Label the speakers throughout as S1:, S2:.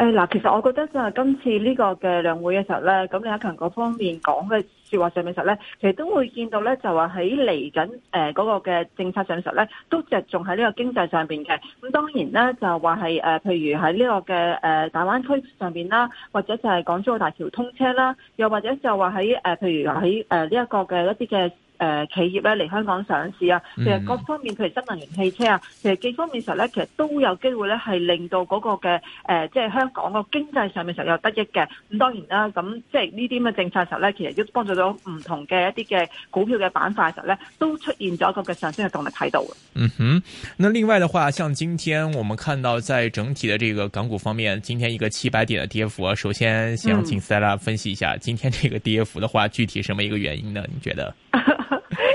S1: 誒嗱，其實我覺得就係今次呢個嘅兩會嘅時候咧，咁李克強嗰方面講嘅説話上面的時候咧，其實都會見到咧，就話喺嚟緊誒嗰個嘅政策上面時候咧，都着重喺呢個經濟上邊嘅。咁當然咧，就話係誒，譬如喺呢個嘅誒大灣區上邊啦，或者就係港珠澳大橋通車啦，又或者就話喺誒，譬如喺誒呢一個嘅一啲嘅。誒、呃，企業咧，嚟香港上市啊，其實各方面，譬如新能源汽車啊，其實幾方面時候咧，其實都有機會咧，係令到嗰個嘅誒、呃，即係香港個經濟上面時候又得益嘅。咁當然啦，咁即係呢啲咁嘅政策時候咧，其實都幫助到唔同嘅一啲嘅股票嘅板塊時候咧，都出現咗一個嘅上升嘅動力喺度。嗯哼，
S2: 那另外的話，像今天我們看到在整體的這個港股方面，今天一個七百點嘅跌幅，啊。首先想請 Sarah 分析一下，嗯、今天這個跌幅的話，具體什麼一個原因呢？你覺得？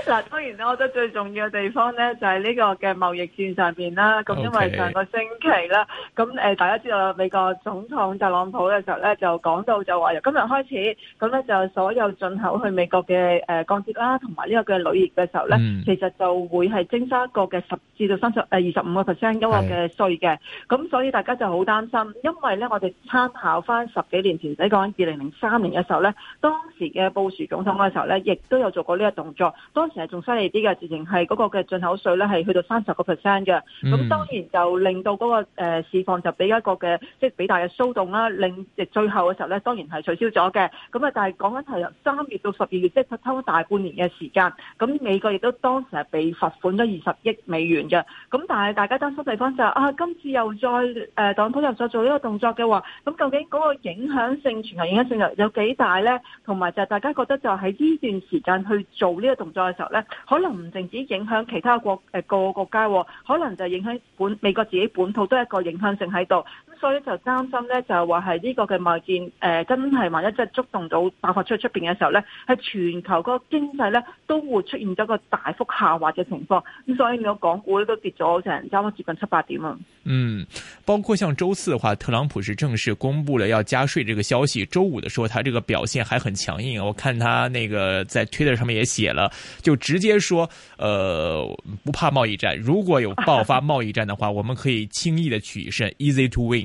S1: 嗱當然咧，我覺得最重要嘅地方咧，就係呢個嘅貿易戰上邊啦。咁因為上個星期啦，咁、okay. 誒大家知道美國總統特朗普嘅時候咧，就講到就話由今日開始，咁咧就所有進口去美國嘅誒鋼鐵啦，同埋呢個嘅鋁業嘅時候咧，mm. 其實就會係增加一個嘅十至到三十誒二十五個 percent 一個嘅稅嘅。咁、yeah. 所以大家就好擔心，因為咧我哋參考翻十幾年前，即係講緊二零零三年嘅時候咧，當時嘅布殊總統嘅時候咧，亦都有做過呢個動作。當誒仲犀利啲嘅，之前係嗰個嘅進口稅咧，係去到三十個 percent 嘅。咁當然就令到嗰個誒市況就俾一個嘅即係俾大嘅騷動啦。令誒最後嘅時候咧，當然係取消咗嘅。咁啊，但係講緊係由三月到十二月，即係差唔多大半年嘅時間。咁美國亦都當時係被罰款咗二十億美元嘅。咁但係大家擔心地方就啊，今次又再誒黨魁又再做呢個動作嘅話，咁究竟嗰個影響性、全球影響性有呢有幾大咧？同埋就大家覺得就喺呢段時間去做呢個動作嘅時候。咧可能唔淨止影響其他國，誒，個個國家，可能就影響本美國自己本土都係一個影響性喺度。所以就擔心咧，就話係呢個嘅貿易戰，誒，真係萬一真係觸動到爆發出出邊嘅時候咧，係全球嗰個經濟咧都會出現咗個大幅下滑嘅情況。咁所以我港股都跌咗成差唔多接近七八點啊。嗯，
S2: 包括像周四嘅話，特朗普是正式公布了要加稅這個消息。周五的時候，他這個表現還很強硬，我看他那個在 Twitter 上面也寫了，就直接說，呃，不怕貿易戰，如果有爆發貿易戰嘅話， 我們可以輕易的取勝，Easy to win。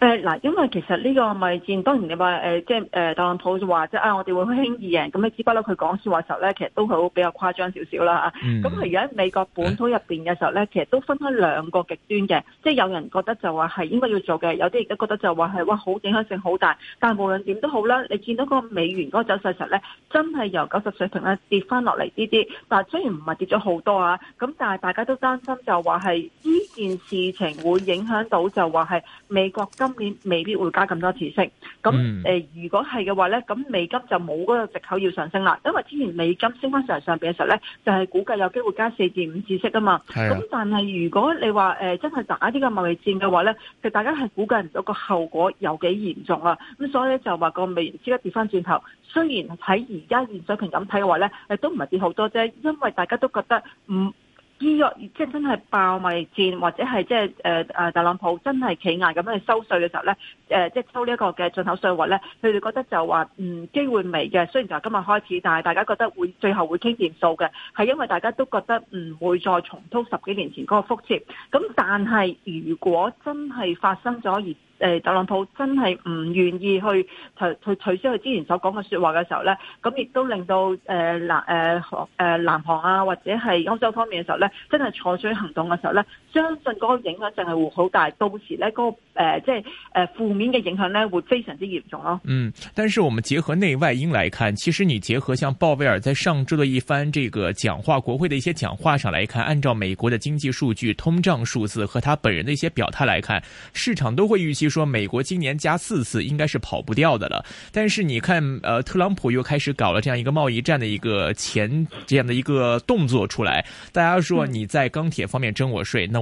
S1: 誒嗱，因為其實呢個貿戰，當然你話誒，即係誒特朗普就話即啊，我哋會好輕易贏。咁你只不啦，佢講説話時候咧，其實都會比較誇張少少啦嚇。咁係而家喺美國本土入邊嘅時候咧，其實都分開兩個極端嘅，即係有人覺得就話係應該要做嘅，有啲亦都覺得就話係哇好影響性好大。但無論點都好啦，你見到個美元嗰個走勢時候咧，真係由九十水平咧跌翻落嚟啲啲，但雖然唔係跌咗好多啊，咁但係大家都擔心就話係呢件事情會影響到就話係美國。今年未必會加咁多次息，咁、嗯呃、如果係嘅話咧，咁美金就冇嗰個藉口要上升啦，因為之前美金升翻上上邊嘅時候咧，就係、是、估計有機會加四至五次息啊嘛。咁但係如果你話、呃、真係打啲嘅貿易戰嘅話咧，其實大家係估計唔到個後果有幾嚴重啦。咁所以就話個美元即刻跌翻轉頭，雖然喺而家現水平咁睇嘅話咧，都唔係跌好多啫，因為大家都覺得唔。貿易即係真係爆貿戰，或者係即係誒誒，特朗普真係企硬咁樣去收稅嘅時候咧，誒、呃，即係收呢一個嘅進口稅率咧，佢哋覺得就話唔機會未嘅。雖然就係今日開始，但係大家覺得會最後會傾掂數嘅，係因為大家都覺得唔會再重蹈十幾年前嗰個覆轍。咁但係如果真係發生咗而誒特朗普真係唔願意去退退去取消佢之前所講嘅説話嘅時候呢，咁亦都令到誒南誒誒南韓啊，或者係歐洲方面嘅時候呢，真係採取行動嘅時候呢。相信嗰個影響淨係會好大，到時呢個誒，即係誒負面嘅影響呢，會非常
S2: 之嚴重咯。嗯，但是我們結合內外因來看，其實你結合像鮑威爾在上周的一番這個講話、國會的一些講話上來看，按照美國的經濟數據、通脹數字和他本人的一些表態來看，市場都會預期說美國今年加四次應該是跑不掉的了。但是你看，呃特朗普又開始搞了這樣一個貿易戰的一個前這樣的一個動作出來，大家說你在鋼鐵方面徵我稅，那，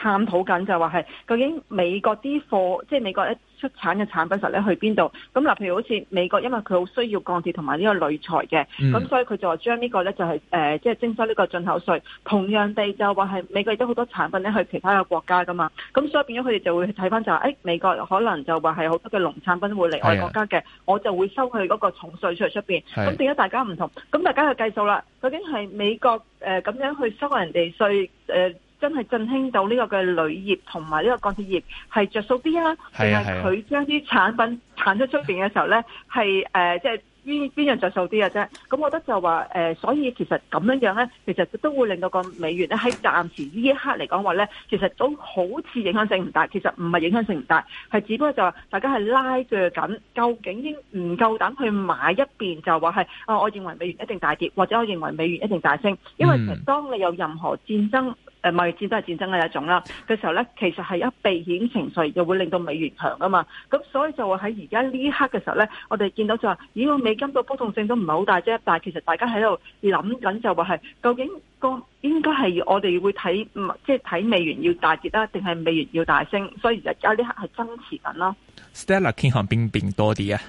S1: 探討緊就話係究竟美國啲貨，即係美國一出產嘅產品實咧去邊度？咁嗱，譬如好似美國，因為佢好需要鋼鐵同埋呢個鋁材嘅，咁、嗯、所以佢就話將呢個咧就係、是、誒，即、呃、係、就是、徵收呢個進口稅。同樣地就話係美國亦都好多產品咧去其他嘅國家噶嘛，咁所以變咗佢哋就會睇翻就話，誒、哎、美國可能就話係好多嘅農產品會嚟外國家嘅，我就會收佢嗰個重稅出嚟。出邊。咁變咗大家唔同，咁大家去計數啦。究竟係美國誒咁、呃、樣去收人哋稅誒？呃真係振興到呢個嘅鋁業同埋呢個鋼鐵業係着數啲啊，定係佢將啲產品產出出面嘅時候呢，係即係邊邊樣着數啲嘅啫。咁、呃就是啊、我覺得就話、呃、所以其實咁樣樣呢，其實都會令到個美元呢喺暫時呢一刻嚟講話呢，其實都好似影響性唔大。其實唔係影響性唔大，係只不過就話大家係拉鋸緊，究竟應唔夠膽去買一邊就話係啊？我認為美元一定大跌，或者我認為美元一定大升，因為當你有任何戰爭。嗯。誒貿易戰都係戰爭嘅一種啦，嘅時候咧，其實係一避險情緒又會令到美元強啊嘛，咁所以就喺而家呢刻嘅時候咧，我哋見到就話，咦個美金個波動性都唔係好大啫，但係其實大家喺度諗緊就話係，究竟個應該係我哋會睇即係睇美元要大跌啦，定係美元要大升，所以而家呢刻係增持緊咯。
S2: Stella，傾向邊邊多啲啊？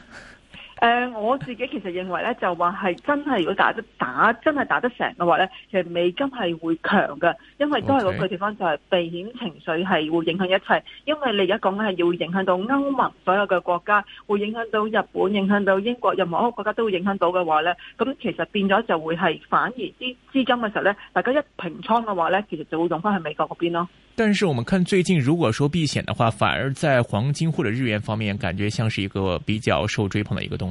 S1: 誒、呃、我自己其實認為咧，就話係真係如果打得打真係打得成嘅話咧，其實美金係會強嘅，因為都係嗰句地方就係避險情緒係會影響一切。因為你而家講緊係要影響到歐盟所有嘅國家，會影響到日本，影響到英國任何一個國家都會影響到嘅話咧，咁其實變咗就會係反而啲資金嘅時候咧，大家一平倉嘅話咧，其實就會用翻去美國
S2: 嗰邊咯。但是我們看最近，如果說避險的話，反而在黃金或者日元方面，感覺像是一個比較受追捧嘅一個東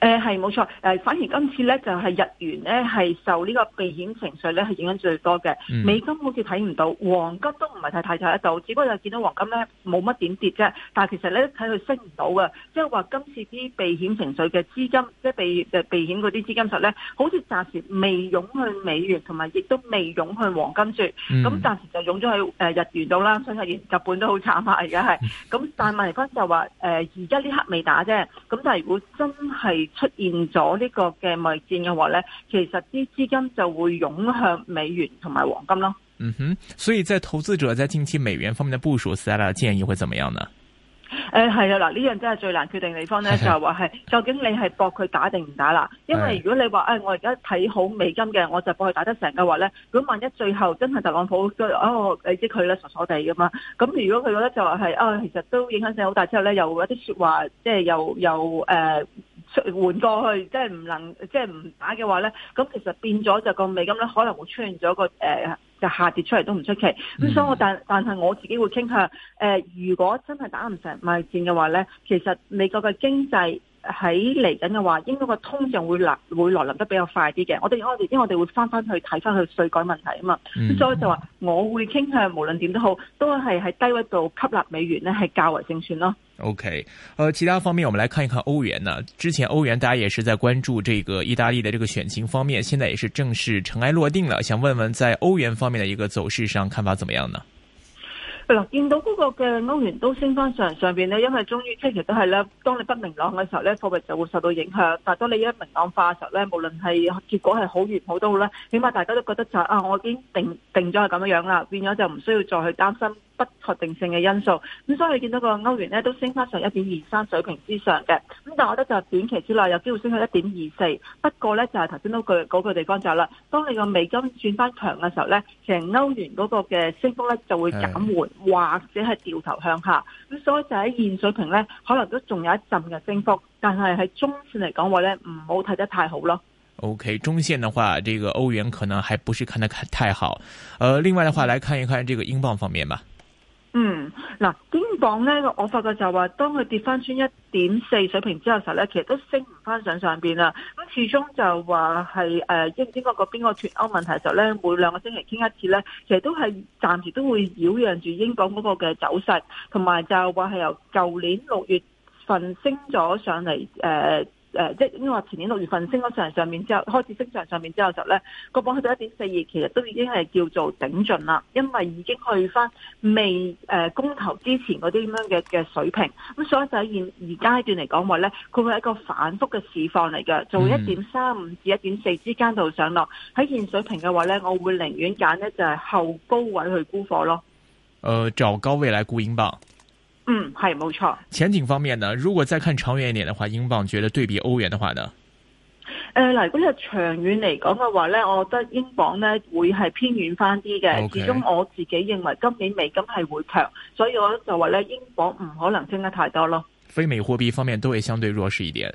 S1: 誒係冇錯，誒、呃、反而今次咧就係、是、日元咧係受呢個避險情緒咧係影響最多嘅、嗯，美金好似睇唔到，黃金都唔係太太睇得到，只不過就見到黃金咧冇乜點跌啫，但係其實咧睇佢升唔到嘅，即係話今次啲避險情緒嘅資金，即係避誒避險嗰啲資金流咧，好似暫時未湧去美元，同埋亦都未湧去黃金住，咁、嗯、暫、嗯嗯、時就湧咗喺誒日元度啦，所以日本都好慘下而家係，咁 但係問翻就話誒而家呢刻未打啫，咁但係如果真係出現咗呢個嘅貿易戰嘅話咧,其實啲資金就會湧向美元同埋黃金咯。嗯哼,
S2: 所以在投資者在近期美元方面嘅部署 Stella 建議會怎麼樣呢?誒、
S1: 呃,係啦,嗱,呢樣真係最難決定嘅地方咧, 就係話係究竟你係搏佢打定唔打啦。因為如果你話誒、 哎,我而家睇好美金嘅,我就搏佢打得成嘅話咧,咁萬一最後真係特朗普嘅哦,你知佢咧傻傻哋噶嘛。咁如果佢覺得就話、是、係哦,其實都影響性好大之後咧,又有啲說話,即係又又誒。有呃出換過去，即係唔能，即係唔打嘅話呢，咁其實變咗就個美金咧，可能會出現咗個誒，就、呃、下跌出嚟都唔出奇。咁、嗯、所以我但但係我自己會傾向誒，如果真係打唔成賣戰嘅話呢，其實美國嘅經濟，喺嚟緊嘅話，應該個通脹會來會來臨得比較快啲嘅。我哋我哋因為我哋會翻翻去睇翻去稅改問題啊嘛，咁所以就話我會傾向無論點都好，都係喺低位度吸納美元呢係較為勝算咯。
S2: OK，誒、呃，其他方面，我們來看一看歐元呢。之前歐元大家也是在關注這個意大利的這個選情方面，現在也是正式塵埃落定了。想問問在歐元方面的一個走勢上，看法怎麼樣呢？
S1: 係見到嗰個嘅歐元都升翻上上面，咧，因為終於即其實係咧，當你不明朗嘅時候咧，貨幣就會受到影響。但當你一明朗化嘅時候咧，無論係結果係好完好都好咧，起碼大家都覺得就啊，我已經定定咗係咁樣樣啦，變咗就唔需要再去擔心不確定性嘅因素。咁所以你見到個歐元咧都升翻上一點二三水平之上嘅。咁但我覺得就短期之內有機會升去一點二四。不過咧就係頭先都句嗰地方就係、是、啦，當你個美金轉翻強嘅時候咧，其實歐元嗰個嘅升幅咧就會減緩。或者係掉頭向下，咁所以就喺現水平呢，可能都仲有一陣嘅升幅，但係喺中線嚟講話呢，唔好睇得太好咯。
S2: OK，中線嘅話，這個歐元可能還不是看得太好。呃，另外的話，來看一看這個英鎊方面吧。
S1: 嗯，嗱，英鎊咧，我發覺就話，當佢跌翻穿一點四水平之後時候咧，其實都升唔翻上上邊啦。咁始終就話係誒英英國嗰邊個脫歐問題時候咧，每兩個星期傾一次咧，其實都係暫時都會擾攘住英鎊嗰個嘅走勢，同埋就話係由舊年六月份升咗上嚟誒。呃誒，即係因為前年六月份升咗上上面之後，開始升上上面之後就咧個榜去到一點四二，其實都已經係叫做頂盡啦，因為已經去翻未誒公投之前嗰啲咁樣嘅嘅水平，咁所以就喺現而階段嚟講話咧，佢會係一個反覆嘅市況嚟嘅，做一點三五至一點四之間度上落。喺現水平嘅話咧，我會寧願揀呢就係後高位去沽貨咯。
S2: 誒、呃，就高位嚟沽英鎊。
S1: 嗯，係冇
S2: 錯。前景方面呢？如果再看長遠一點的話，英鎊覺得對比歐元的話呢？
S1: 誒，嗱，如果係長遠嚟講嘅話咧，我覺得英鎊咧會係偏遠翻啲嘅。始終我自己認為今年美金係會強，所以我就話咧，英鎊唔可能升得太多咯。
S2: 非美貨幣方面都會相對弱勢一點。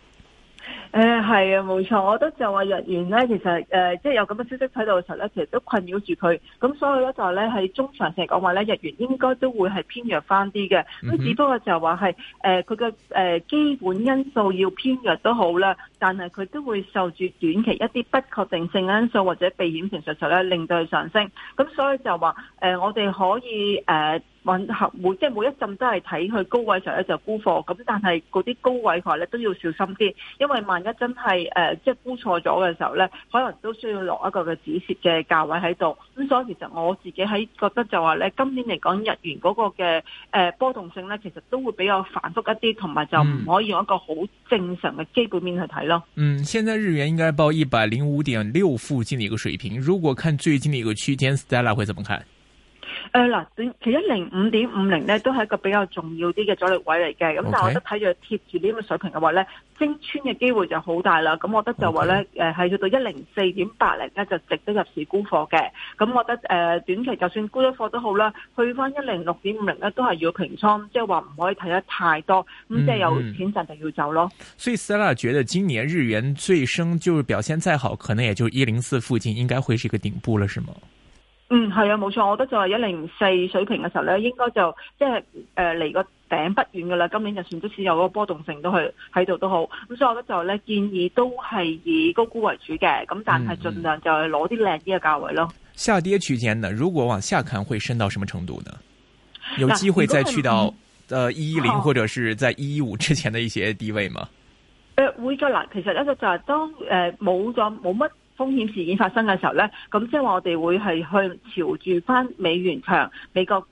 S1: 誒、呃，係啊，冇錯，我覺得就話日元咧，其實誒，即、呃、係、就是、有咁嘅消息喺度嘅時候咧，其實都困擾住佢。咁所以咧就係咧，喺中長線講話咧，日元應該都會係偏弱翻啲嘅。咁、嗯、只不過就話係誒，佢嘅誒基本因素要偏弱都好啦，但係佢都會受住短期一啲不確定性因素或者避險情緒上咧令到佢上升。咁所以就話誒、呃，我哋可以誒。呃混合每即係每一陣都係睇佢高位上咧就沽貨咁，但係嗰啲高位嘅話咧都要小心啲，因為萬一真係誒、呃、即係沽錯咗嘅時候咧，可能都需要落一個嘅止蝕嘅價位喺度。咁、嗯、所以其實我自己喺覺得就話咧，今年嚟講日元嗰個嘅誒、呃、波動性咧，其實都會比較反覆一啲，同埋就唔可以用一個好正常嘅基本面去睇咯。嗯，
S2: 現在日元應該報一百零五點六附近嘅一個水平。如果看最近嘅一個區間，Stella 會怎麼看？
S1: 誒、呃、嗱，短期一零五點五零咧都係一個比較重要啲嘅阻力位嚟嘅，咁但係我覺得睇住貼住呢個水平嘅話咧，升穿嘅機會就好大啦。咁我覺得就話咧，誒係去到一零四點八零咧就值得入市沽貨嘅。咁我覺得誒、呃、短期就算沽咗貨都好啦，去翻一零六點五零咧都係要平倉，即係話唔可以睇得太多，咁、嗯、即係有錢賺就要走咯。
S2: 所以 Stella 覺得今年日元最升，就表現再好，可能也就一零四附近，應該會是一個頂部了，是嗎？
S1: 嗯，係啊，冇錯，我覺得就係一零四水平嘅時候咧，應該就即係誒離個頂不遠噶啦。今年就算都只有個波動性都係喺度都好，咁所以我覺得就咧建議都係以高估為主嘅，咁但係盡量就係攞啲靚啲嘅價位咯。嗯嗯、
S2: 下跌區間呢？如果往下看會升到什麼程度呢？
S1: 有機會再去到
S2: 誒一一零或者是在一一五之前的一些低位嗎？
S1: 誒、呃、會再嗱，其實一個就係當誒冇咗冇乜，呃冇風險事件發生嘅時候呢，咁即係話我哋會係去朝住翻美元強，美國誒佢、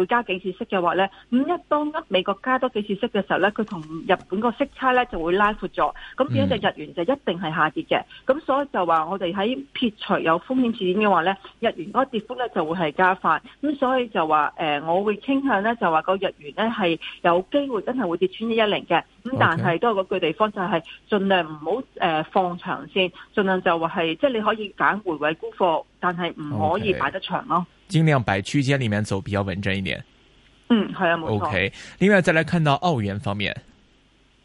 S1: 呃、加幾次息嘅話呢。咁一當美國加多幾次息嘅時候呢，佢同日本個息差呢就會拉闊咗，咁變咗就日元就一定係下跌嘅，咁所以就話我哋喺撇除有風險事件嘅話呢，日元嗰個跌幅呢就會係加快，咁所以就話誒、呃，我會傾向呢，就話個日元呢係有機會真係會跌穿一一零嘅，咁但係都係嗰句地方就係盡量唔好誒放長線，儘量就話係。即係你可以揀回位沽貨，但係唔可以擺
S2: 得長咯、哦。Okay，盡量擺區間裏面走比較穩陣一點。
S1: 嗯，係啊，冇錯。Okay，
S2: 另外再來看到澳元方面。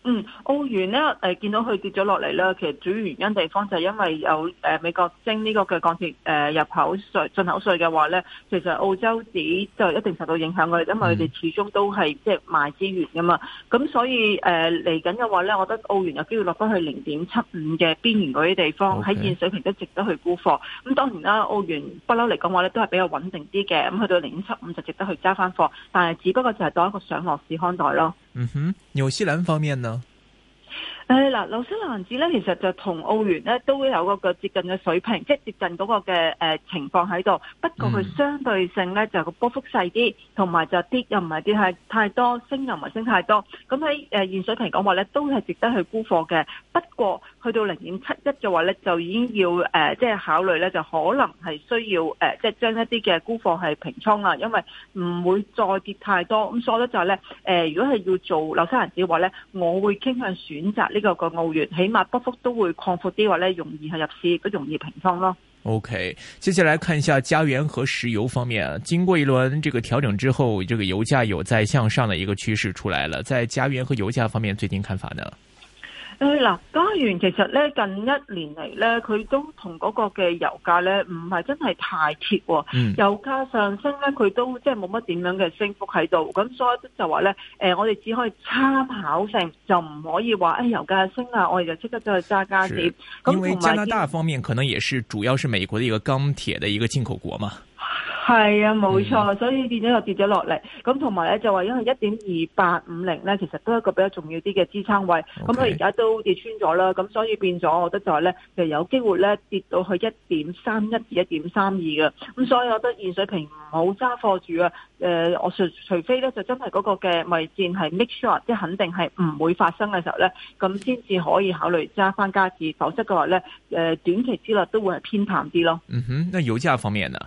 S1: 嗯，澳元咧，誒、呃、見到佢跌咗落嚟啦。其實主要原因地方就係因為有誒、呃、美國徵、呃、呢個嘅鋼鐵誒入口稅進口稅嘅話咧，其實澳洲紙就一定受到影響嘅，因為佢哋始終都係即係賣資源噶嘛。咁所以誒嚟緊嘅話咧，我覺得澳元有機會落翻去零點七五嘅邊緣嗰啲地方，喺、okay. 現水平都值得去沽貨。咁當然啦，澳元不嬲嚟講話咧都係比較穩定啲嘅。咁去到零點七五就值得去揸返貨，但係只不過就係當一個上落市看待咯。
S2: 嗯哼，紐西蘭方面呢？
S1: 誒、呃、嗱，紐西蘭紙咧，其實就同澳元咧都會有個接近嘅水平，即係接近嗰個嘅誒、呃、情況喺度。不過佢相對性咧就個波幅細啲，同埋就跌又唔係跌太太多，升又唔係升太多。咁喺誒現水平講話咧，都係值得去沽貨嘅。不過，去到零點七一嘅話呢，就已經要誒，即、呃、係、就是、考慮呢就可能係需要誒，即係將一啲嘅沽貨係平倉啦，因為唔會再跌太多。咁所以呢，就係呢，誒，如果係要做樓西人嘅話呢，我會傾向選擇呢個個澳元，起碼波幅都會擴闊啲，話呢容易係入市，都容易平倉咯。
S2: OK，接下嚟看一下加元和石油方面，經過一輪這個調整之後，這個油價有再向上的一個趨勢出來了。在加元和油價方面，最近看法呢？
S1: 誒、嗯，嗱、嗯，加元其實咧近一年嚟咧，佢都同嗰個嘅油價咧，唔係真係太貼。油價上升咧，佢都即係冇乜點樣嘅升幅喺度。咁所以就話咧，誒，我哋只可以參考性，就唔可以話，誒，油價升啊，我哋就即刻就去加價啲。咁因為加拿大
S2: 方面可能也是主要是美國嘅一個鋼鐵嘅一個進口國嘛。
S1: 係啊，冇錯，所以變咗又跌咗落嚟。咁同埋咧，就話因為一點二八五零咧，其實都係一個比較重要啲嘅支撐位。咁佢而家都跌穿咗啦。咁所以變咗，我覺得就係咧，就有機會咧跌到去一點三一至一點三二嘅。咁所以我覺得現水平唔好揸貨住啊。誒、呃，我除除非咧就真係嗰個嘅貿易戰係 make sure 即係肯定係唔會發生嘅時候咧，咁先至可以考慮揸翻加注。否則嘅話咧，誒、呃、短期之內都會係偏淡啲咯。嗯哼，
S2: 那油價方面呢？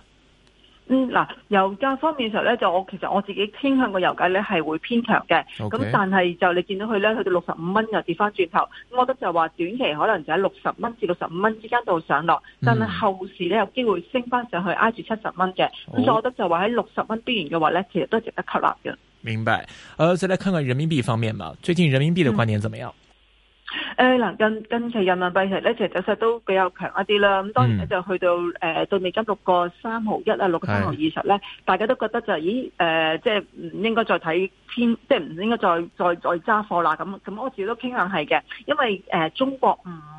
S1: 嗯嗱，油價方面上咧，就我其實我自己傾向個油價咧係會偏強嘅，咁、okay. 但係就你見到佢咧，佢到六十五蚊又跌翻轉頭，咁我覺得就話短期可能就喺六十蚊至六十五蚊之間度上落，但係後市咧有機會升翻上去挨住七十蚊嘅，咁、嗯、所以我覺得就話喺六十蚊邊緣嘅話咧，其實都值得吸納嘅。
S2: 明白，呃，再嚟看看人民幣方面嘛，最近人民幣嘅觀點點樣？嗯
S1: 誒、呃、嗱，近近期人民幣其實咧，其實走勢都比較強一啲啦。咁當然就去到誒、嗯呃、到美金六個三毫一啊，六個三毫二十咧，大家都覺得就咦誒、呃，即係唔應該再睇偏，即係唔應該再再再揸貨啦。咁咁，我自己都傾向係嘅，因為誒、呃、中國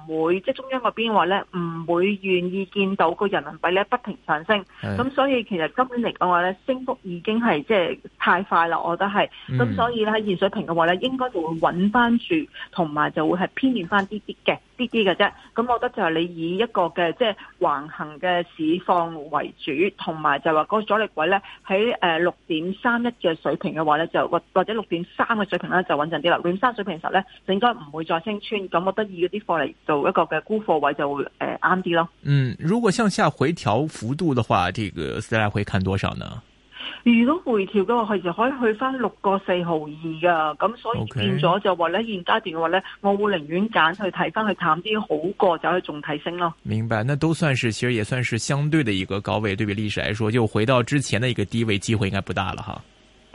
S1: 唔會即係中央嗰邊話咧，唔會願意見到個人民幣咧不停上升。咁所以其實今年嚟講話咧，升幅已經係即係太快啦，我覺得係。咁、嗯、所以咧喺現水平嘅話咧，應該就會穩翻住，同埋就會。係偏軟翻啲啲嘅，啲啲嘅啫。咁我覺得就係你以一個嘅即係橫行嘅市況為主，同埋就係話嗰個阻力位咧喺誒六點三一嘅水平嘅話咧，就或或者六點三嘅水平咧就穩陣啲啦。六點三水平嘅時候咧，應該唔會再升穿。咁我覺得以嗰啲貨嚟做一個嘅沽貨位就會誒啱啲咯。嗯，
S2: 如果向下回調幅度嘅話，呢個市拉會看多少呢？
S1: 如果回調嘅話，佢就可以去翻六個四毫二噶，咁所以變咗就呢、okay. 話呢，現階段嘅話呢，我會寧願揀去睇翻去淡啲，好過走去仲提升咯。
S2: 明白，那都算是其實也算是相對嘅一個高位，對比歷史來說，就回到之前嘅一個低位，機會應該不大了哈。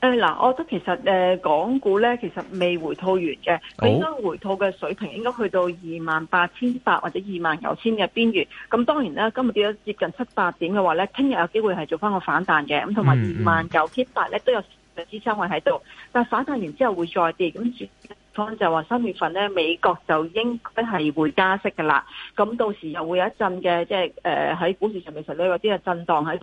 S1: 誒、嗯、嗱，我覺得其實誒港股咧，其實未回吐完嘅，佢應該回吐嘅水平應該去到二萬八千八或者二萬九千嘅邊緣。咁當然啦，今日跌咗接近七八點嘅話咧，聽日有機會係做翻個反彈嘅。咁同埋二萬九千八咧都有支撐位喺度。但係反彈完之後會再跌。咁呢，就話三月份咧，美國就應該係會加息噶啦。咁到時又會有一陣嘅即係誒喺股市上面實呢有啲嘅震蕩喺。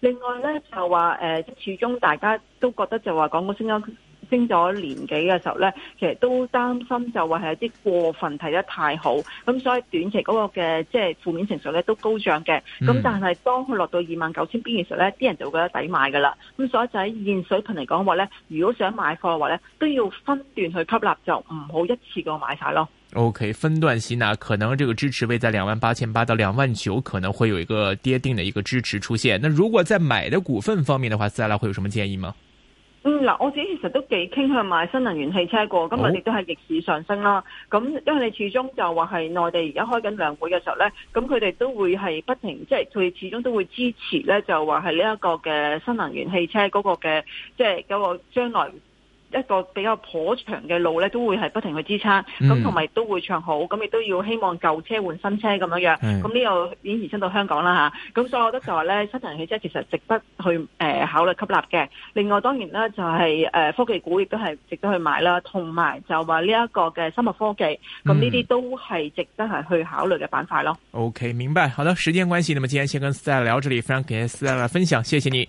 S1: 另外咧就話誒、呃，始終大家都覺得就話港股升咗升咗年幾嘅時候咧，其實都擔心就話係一啲過分睇得太好，咁所以短期嗰個嘅即係負面情緒咧都高漲嘅。咁、嗯、但係當佢落到二萬九千邊嘅時候咧，啲人就會覺得抵買噶啦。咁所以就喺現水平嚟講話咧，如果想買貨嘅話咧，都要分段去吸納，就唔好一次過買晒咯。
S2: O、okay, K，分段吸納，可能這個支持位在兩萬八千八到兩萬九，可能會有一個跌定的一個支持出現。那如果在買的股份方面的話，思拉會有什麼建議嗎？嗯，
S1: 嗱，我自己其實都幾傾向買新能源汽車過，今日亦都係逆市上升啦。咁、哦、因為你始終就話係內地而家開緊兩會嘅時候咧，咁佢哋都會係不停，即係佢始終都會支持咧，就話係呢一個嘅新能源汽車嗰個嘅，即係嗰個將來。一個比較頗長嘅路咧，都會係不停去支撐，咁同埋都會唱好，咁亦都要希望舊車換新車咁樣樣，咁、嗯、呢、這個已經延伸到香港啦吓，咁所以我覺得就話咧，新能源汽車其實值得去誒、呃、考慮吸納嘅。另外當然啦，就係、是、誒、呃、科技股亦都係值得去買啦，同埋就話呢一個嘅生物科技，咁呢啲都係值得係去考慮嘅板塊咯。
S2: OK，明白，好啦，時間關係，那麼今天先跟大家聊到這裏，非常感謝大家嘅分享，謝謝你。